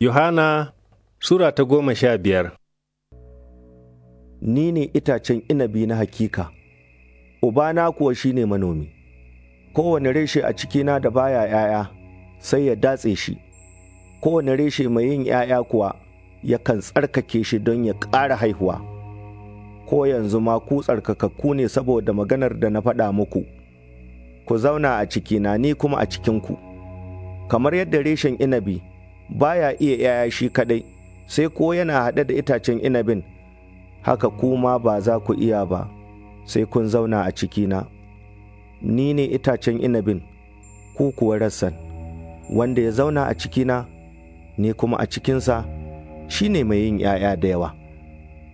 Yohana Sura ta goma sha biyar Ni ne itacen inabi na hakika, Ubana kuwa shi ne manomi, kowane reshe a cikina da baya ‘ya'ya sai ya datse shi, kowane reshe mai yin ‘ya'ya kuwa yakan tsarkake shi don ya ƙara haihuwa, ko yanzu ma ku tsarkakakku ne saboda maganar da na faɗa muku, ku zauna a cikina ni kuma a cikinku, kamar yadda reshen inabi. baya iya ‘ya'ya shi kaɗai, sai ko yana haɗe da itacen inabin, haka kuma ba za ku iya ba, sai kun zauna a cikina. Ni ne itacen inabin, ku kuwa rassan, wanda ya zauna a cikina, ni kuma a cikinsa, shi ne mai yin ‘ya'ya da yawa.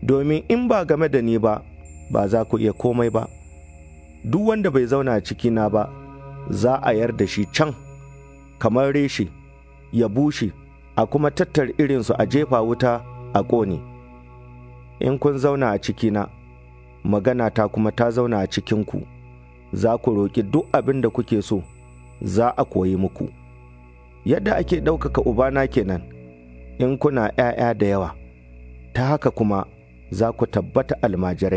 Domin in ba game da ni ba, ba za ku iya komai ba. Duk wanda bai zauna a cikina ba, za a yar da shi can, kamar reshe, ya bushe. a kuma tattar irinsu a jefa wuta a ƙone. In kun zauna a cikina, magana ta kuma ta zauna a cikinku, za ku roƙi duk abin da kuke so, za a koyi muku. Yadda ake ɗaukaka Ubana kenan, in kuna ‘ya'ya da yawa, ta haka kuma za ku tabbata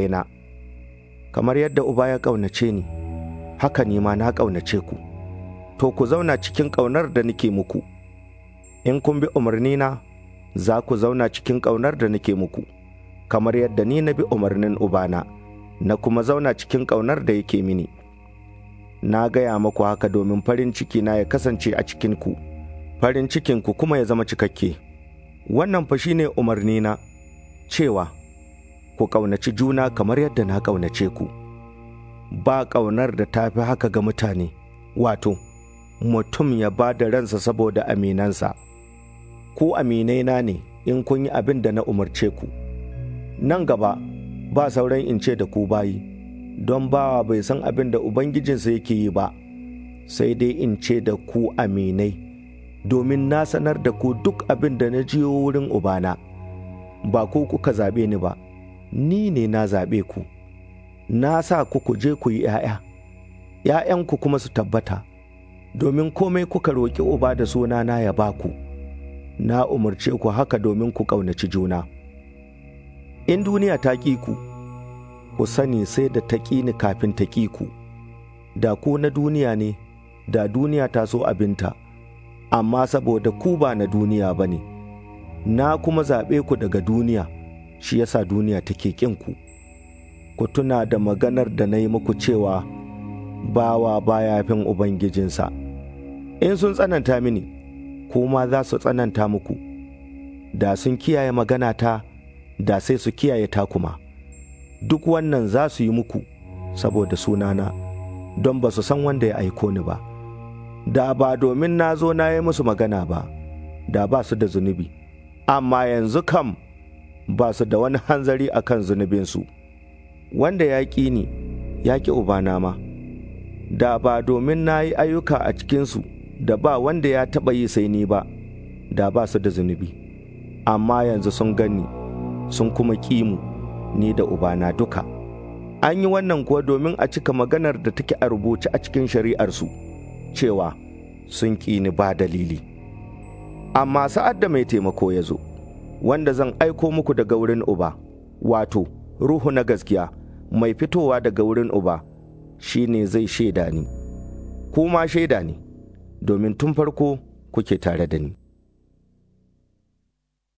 na. Kamar yadda Uba ya ƙaunace ni, haka ni ma na ƙaunace ku, to ku zauna cikin ƙaunar da nake muku. in kun bi umarnina za ku zauna cikin ƙaunar da nake muku, kamar yadda ni na bi umarnin Ubana, na kuma zauna cikin ƙaunar da yake mini. Na gaya muku haka domin farin ciki na ya kasance a cikinku, farin cikinku kuma ya zama cikakke. Wannan fa shine umarnina cewa, ku ƙaunaci juna kamar yadda na ƙaunace ku. Ba ƙaunar da ta fi haka ga mutane, wato, mutum ya ba da ransa saboda aminansa. Ko Aminai na ne in kun yi abin da na umarce ku nan gaba ba sauran in ce da ku bayi don bawa bai san abin da ubangijinsa yake yi ba sai dai in ce da ku aminai domin na sanar da ku duk abin da na jiyo wurin ubana ba ko kuka zaɓe ni ba ni ne na zaɓe ku na sa ku ku je ku yi ‘ya'ya ‘ya'yanku kuma su tabbata domin komai kuka roƙi uba da sunana ya ba ku. na umarce ku haka domin ku ƙaunaci juna. In duniya ta ƙi ku, ku sani sai da ta ƙi ni kafin ta ƙi ku, da ku na duniya ne, da duniya ta so abinta, amma saboda ku ba na duniya ba ne, na kuma zaɓe ku daga duniya, shi yasa duniya take ƙin ku. Ku tuna da maganar da na yi muku cewa, bawa baya fin Ubangijinsa, in sun tsananta mini. ko ma za su tsananta muku, da sun kiyaye magana ta, da sai su kiyaye ta kuma. duk wannan za su yi muku saboda sunana, don ba su san wanda ya aiko ni ba, da ba domin na zo na yi musu magana ba, da ba su da zunubi, amma yanzu kam ba su da wani hanzari a kan zunubinsu, wanda ya ƙi ni, ya ƙi Ubana ma, da ba domin na yi ayyuka a cikinsu. da ba wanda ya taɓa yi sai ni ba, da ba su da zunubi, amma yanzu sun gani, sun kuma kimu ni da Ubana duka. An yi wannan kuwa domin a cika maganar da take a rubuce a cikin shari'arsu, cewa sun ƙi ni ba dalili. Amma sa'ad da mai taimako ya zo, wanda zan aiko muku daga wurin Uba, wato, Ruhu na gaskiya, mai fitowa daga wurin Uba, shine zai shaida ni, kuma shaida ne. domin tun farko kuke tare da ni.